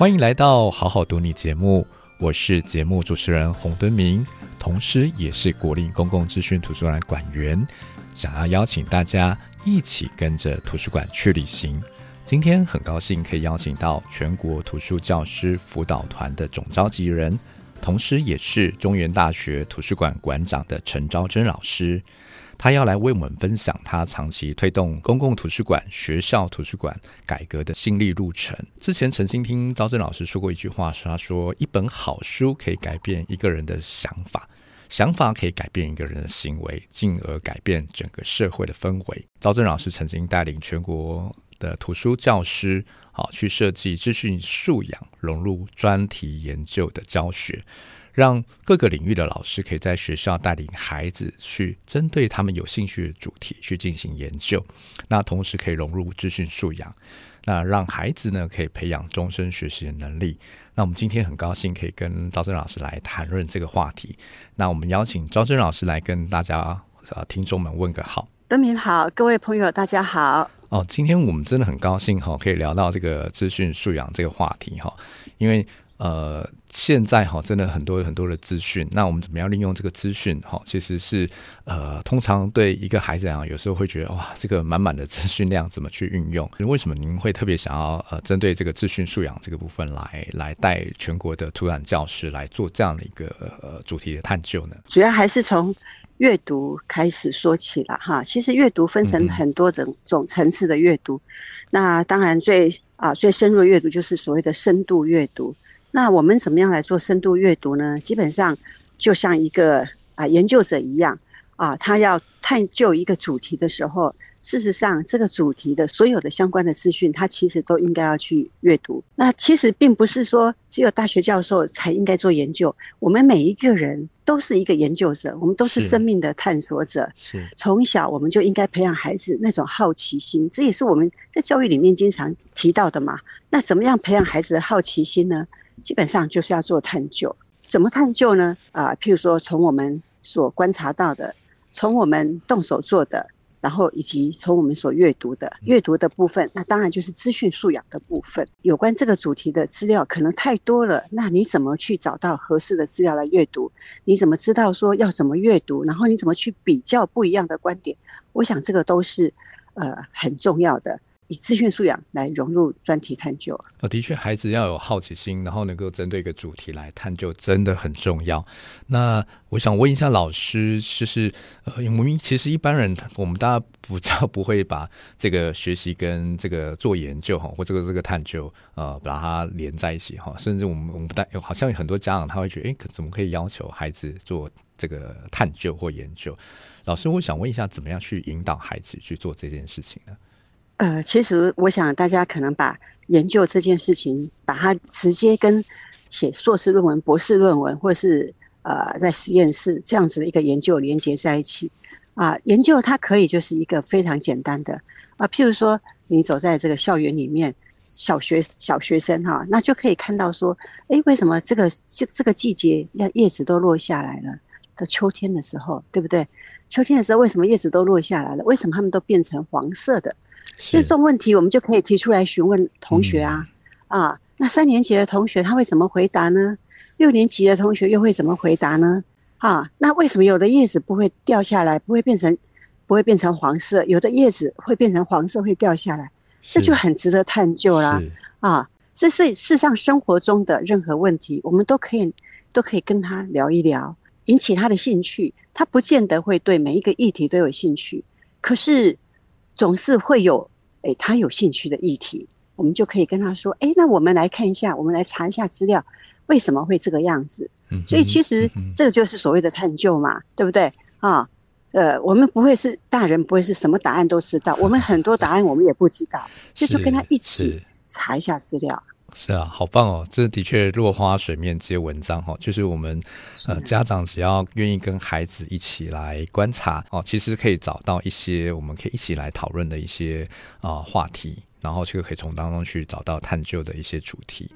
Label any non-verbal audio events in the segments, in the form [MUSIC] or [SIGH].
歡迎來到《好好讀你》節目，我是節目主持人洪敦明，同時也是國立公共資訊圖書館館員。想要邀請大家一起跟着圖書館去旅行，今天很高興可以邀請到全國圖書教師輔導團的總召集人，同時也是中原大學圖書館館長的陳昭珍老師。他要來為我們分享他長期推動公共圖書館、學校圖書館改革的心路歷程。之前曾經聽昭珍老師說過一句話，他說：“一本好書可以改變一個人的想法，想法可以改變一個人的行為，進而改變整個社會的氛圍。”昭珍老師曾經帶領全國的圖書教師，好去設計資訊素養融入專題研究的教學。讓各個領域的老師可以在學校帶領孩子去針對他們有興趣的主題去進行研究，那同時可以融入資訊素養，那讓孩子呢可以培養終身學習的能力。那我們今天很高興可以跟昭珍老師來談論這個話題。那我們邀請昭珍老師來跟大家呃，聽眾們問個好。敦明好，各位朋友大家好。哦，今天我們真的很高興哈，可以聊到這個資訊素養這個話題哈，因為，呃，現在哈、哦，真的很多很多的資訊，那我們怎麼樣利用這個資訊、哦？哈，其實是呃，通常對一個孩子啊，有時候會覺得哇，這個滿滿的資訊量怎麼去運用？為什麼您會特別想要呃，針對這個資訊素養這個部分來來帶全國的圖書教師來做這樣的一個呃主題的探究呢？主要還是從閱讀開始說起了哈。其實閱讀分成很多種層次的閱讀，嗯、那當然最啊最深入的閱讀就是所謂的深度閱讀。那我們怎麼樣來做深度閱讀呢？基本上就像一個啊、呃、研究者一樣啊，他要探究一個主題的時候，事實上這個主題的所有的相關的資訊，他其實都應該要去閱讀。那其實並不是說只有大學教授才應該做研究，我們每一個人都是一個研究者，我們都是生命的探索者。嗯、從小我們就應該培養孩子那種好奇心，這也是我們在教育裡面經常提到的嘛。那怎麼樣培養孩子的好奇心呢？嗯。基本上就是要做探究，怎麼探究呢？啊、呃，譬如說從我們所觀察到的，從我們動手做的，然後以及從我們所閱讀的閱讀的部分，那當然就是資訊素養的部分。有關這個主題的資料可能太多了，那你怎麼去找到合適的資料來閱讀？你怎麼知道說要怎麼閱讀？然後你怎麼去比較不一樣的觀點？我想這個都是，呃，很重要的。以資訊素養來融入專題探究。呃、哦，的確，孩子要有好奇心，然後能夠針對一個主題來探究，真的很重要。那我想問一下老師，就是呃，我們其實一般人，我們大家不知道，不會把這個學習跟這個做研究哈，或這個這個探究呃，把它連在一起哈。甚至我們我們不太有、呃，好像有很多家長他會覺得、欸，可怎麼可以要求孩子做這個探究或研究？老師，我想問一下，怎麼樣去引導孩子去做這件事情呢？呃，其實我想大家可能把研究這件事情，把它直接跟寫碩士論文、博士論文，或是呃在實驗室這樣子的一個研究連接在一起。啊、呃，研究它可以就是一個非常簡單的啊、呃，譬如說你走在這個校園裡面，小學小學生哈、哦，那就可以看到說，誒，為什麼這個這這個季節要葉子都落下來了？到秋天的時候，對不對？秋天的時候，為什麼葉子都落下來了？為什麼他們都變成黃色的？是這種問題，我們就可以提出來詢問同學啊，嗯、啊，那三年級的同學他會怎麼回答呢？六年級的同學又會怎麼回答呢？啊，那為什麼有的葉子不會掉下來，不會變成，不會變成黃色？有的葉子會變成黃色，會掉下來，這就很值得探究啦。是啊，這是世上生活中的任何問題，我們都可以都可以跟他聊一聊，引起他的興趣。他不見得會對每一個議題都有興趣，可是。總是會有，哎、欸，他有興趣的議題，我們就可以跟他說，哎、欸，那我們來看一下，我們來查一下資料，為什麼會這個樣子？所以其實這個就是所謂的探究嘛，嗯、哼對不對？啊，呃，我們不會是大人，不會是什麼答案都知道，嗯、哼我們很多答案我們也不知道，對所以就跟他一起查一下資料。是啊，好棒哦！這的確落花水面皆文章哦，就是我們呃的家長只要願意跟孩子一起來觀察哦，其實可以找到一些我們可以一起來討論的一些啊、呃、話題，然後這個可以從當中去找到探究的一些主題。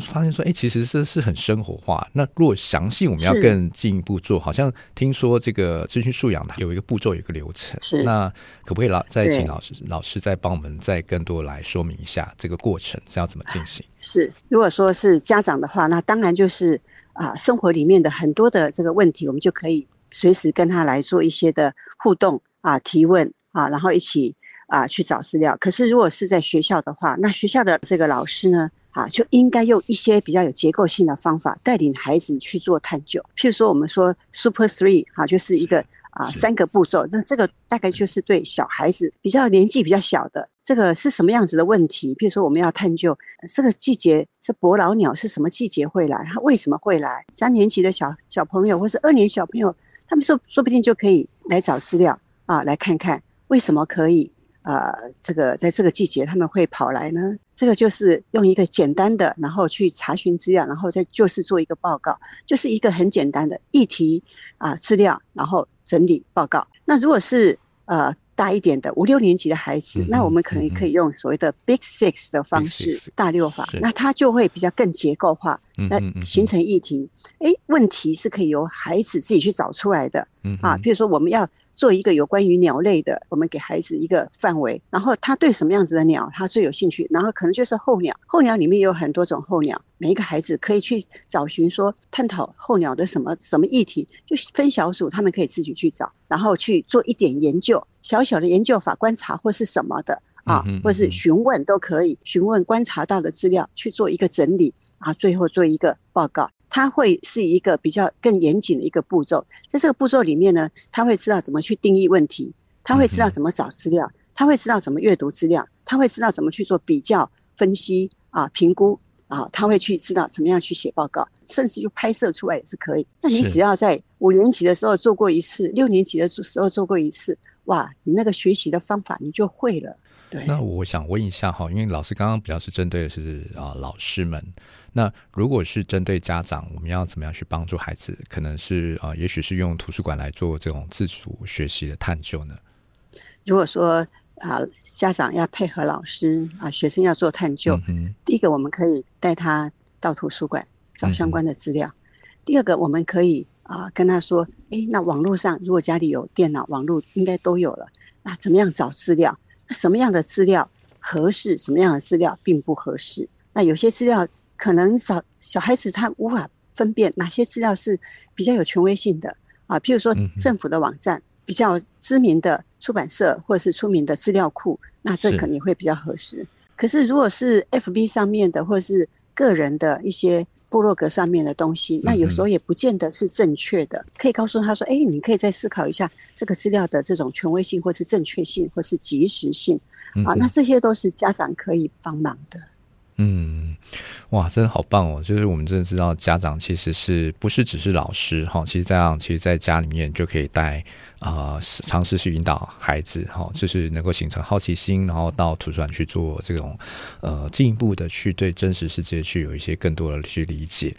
發現說，哎，其實這是很生活化。那如果詳細，我們要更進一步做，是好像聽說這個資訊素養它有一個步驟，有一個流程。是，那可不可以老再請老師對老師再幫我們再更多來說明一下這個過程是要怎麼進行？是，如果說是家長的話，那當然就是啊、呃，生活裡面的很多的這個問題，我們就可以隨時跟他來做一些的互動啊、呃，提問啊，然後一起啊、呃、去找資料。可是如果是在學校的話，那學校的這個老師呢？啊，就應該用一些比較有結構性的方法帶領孩子去做探究。譬如說，我們說 Super Three 哈、啊，就是一個啊，是三個步驟。那這個大概就是對小孩子比較年紀比較小的，這個是什麼樣子的問題？譬如說，我們要探究、呃、這個季節是伯勞鳥是什麼季節會來，它為什麼會來？三年級的小小朋友或是二年小朋友，他們說說不定就可以來找資料啊，來看看為什麼可以。呃，這個在這個季節他們會跑來呢。這個就是用一個簡單的，然後去查詢資料，然後再就是做一個報告，就是一個很簡單的議題啊、呃，資料然後整理報告。那如果是呃大一點的五六年級的孩子，嗯嗯、那我們可能可以用所謂的 Big Six 的方式，Big six. 大六法，是那它就會比較更結構化，來、嗯、哼形成議題。哎、嗯哼，問題是可以由孩子自己去找出來的、嗯、哼啊，比如說我們要。做一個有關於鳥類的，我們給孩子一個範圍，然後他對什麼樣子的鳥他最有興趣，然後可能就是候鳥。候鳥裡面有很多種候鳥，每一個孩子可以去找尋說探討候鳥的什麼什麼議題，就分小組，他們可以自己去找，然後去做一點研究，小小的研究法觀察或是什麼的嗯哼嗯哼啊，或是詢問都可以，詢問觀察到的資料去做一個整理啊，最後做一個報告。他會是一個比較更嚴謹的一個步驟，在這個步驟裡面呢，他會知道怎麼去定義問題，他會知道怎麼找資料，他會知道怎麼閱讀資料，他會知道怎麼去做比較分析啊，評估啊，他會去知道怎麼樣去寫報告，甚至就拍攝出來也是可以。那你只要在五年級的時候做過一次，是六年級的時候做過一次，哇，你那個學習的方法你就會了。對。那我想問一下哈，因為老師剛剛比較是針對的是啊老師們。那如果是針對家長，我們要怎麼樣去幫助孩子？可能是啊、呃，也許是用圖書館來做這種自主學習的探究呢。如果說啊、呃，家長要配合老師啊、呃，學生要做探究。嗯哼。第一個，我們可以帶他到圖書館找相關的資料。嗯、哼第二個，我們可以啊、呃，跟他說：“誒、欸，那網絡上如果家裡有電腦，網絡應該都有了。那怎麼樣找資料？那什麼樣的資料合適？什麼樣的資料並不合適？那有些資料。”可能小小孩子，他無法分辨哪些資料是比較有權威性的啊，譬如說政府的網站、比較知名的出版社或者是出名的資料庫，那這可能會比較合適。可是如果是 FB 上面的或者是個人的一些部落格上面的東西，那有時候也不見得是正確的。可以告訴他說：“哎，你可以再思考一下這個資料的這種權威性，或是正確性，或是即時性啊。”那這些都是家長可以幫忙的。嗯，哇，真的好棒哦！就是我們真的知道，家長其實是不是只是老師哈？其實這樣，其實在家裡面就可以帶，呃，嘗試去引導孩子哈，就是能夠形成好奇心，然後到圖書館去做這種，呃，進一步的去對真實世界去有一些更多的去理解。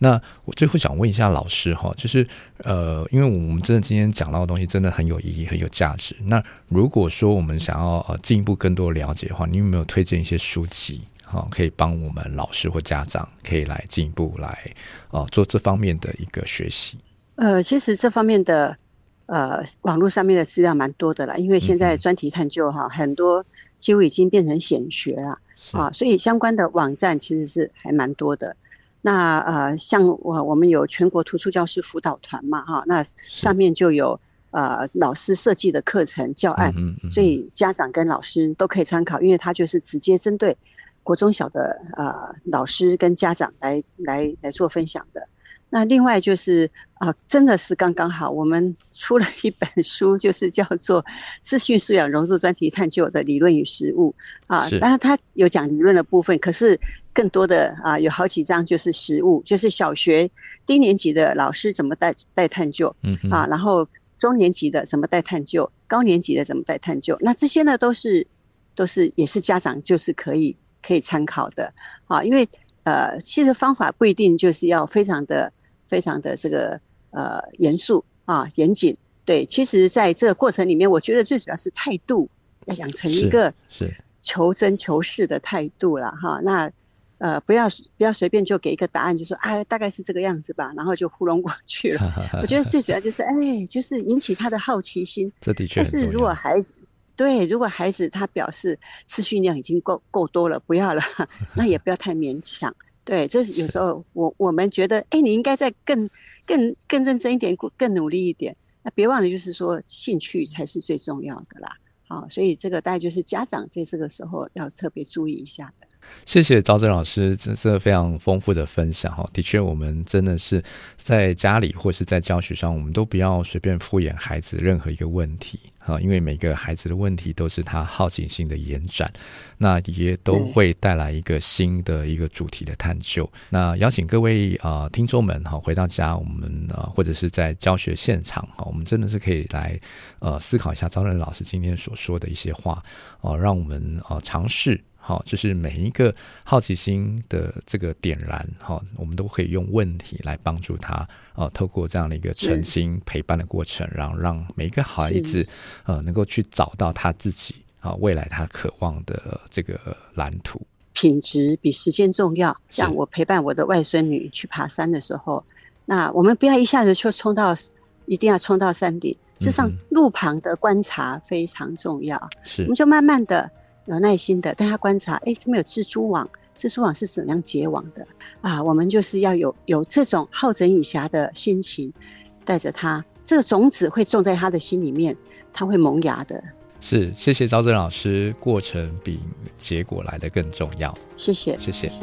那我最後想問一下老師哈，就是呃，因為我們真的今天講到的東西真的很有意義，很有價值。那如果說我們想要呃進一步更多的了解的話，你有沒有推薦一些書籍？哦，可以幫我們老師或家長可以來進一步來啊、哦，做這方面的一個學習。呃，其實這方面的呃網絡上面的資料蠻多的啦，因為現在專題探究哈，嗯嗯，很多幾乎已經變成顯學了是啊，所以相關的網站其實是還蠻多的。那呃，像我我們有全國圖書教師輔導團嘛，哈、哦，那上面就有是呃老師設計的課程教案，嗯嗯嗯嗯，所以家長跟老師都可以參考，因為他就是直接針對。國中小的、呃、老師跟家長來來來做分享的。那另外就是啊、呃，真的是剛剛好，我們出了一本書，就是叫做《資訊素養融入專題探究的理論與實務》啊、呃。是。當然他有講理論的部分，可是更多的啊、呃，有好幾章就是實務，就是小學低年級的老師怎麼帶帶探究，嗯、哼啊，然後中年級的怎麼帶探究，高年級的怎麼帶探究。那這些呢，都是都是也是家長就是可以。可以參考的啊，因為呃，其實方法不一定就是要非常的、非常的這個呃，嚴肅啊嚴謹。對，其實在這個過程裡面，我覺得最主要是態度，要養成一個是求真求實的態度了哈、啊。那呃，不要不要隨便就給一個答案，就說、是、啊、哎、大概是這個樣子吧，然後就糊弄過去了。 [LAUGHS] 我覺得最主要就是哎，就是引起他的好奇心。這的確，但是如果孩子。對，如果孩子他表示次訓量已經夠夠多了，不要了，那也不要太勉強。 [LAUGHS] 對，這是有時候我我們覺得，哎，你應該再更更更認真一點，更努力一點。那別忘了，就是說興趣才是最重要的啦。好，所以這個大概就是家長在這個時候要特別注意一下的。謝謝昭珍老師，這是非常豐富的分享哈。的確，我們真的是在家裡或是在教學上，我們都不要隨便敷衍孩子任何一個問題哈，因為每個孩子的問題都是他好奇心的延展，那也都會帶來一個新的一個主題的探究。嗯、那邀請各位啊、呃、聽眾們哈，回到家我們啊或者是在教學現場哈，我們真的是可以來呃思考一下昭珍老師今天所說的一些話哦、呃，讓我們啊、呃、嘗試。好、哦，就是每一個好奇心的這個點燃，哈、哦，我們都可以用問題來幫助他啊、哦。透過這樣的一個誠心陪伴的過程，是然後讓每一個孩子是呃能夠去找到他自己啊、哦、未來他渴望的這個藍圖。品質比時間重要。像我陪伴我的外孫女去爬山的時候，是那我們不要一下子就衝到，一定要衝到山頂，事實上，路旁的觀察非常重要。是、嗯哼，我們就慢慢的。有耐心的，帶他觀察，哎、欸，怎麼有蜘蛛網？蜘蛛網是怎樣結網的啊？我們就是要有有這種好整以暇的心情，帶着他，這個種子會種在他的心裡面，他會萌芽的。是，謝謝昭珍老師，過程比結果來得更重要。謝謝，謝謝。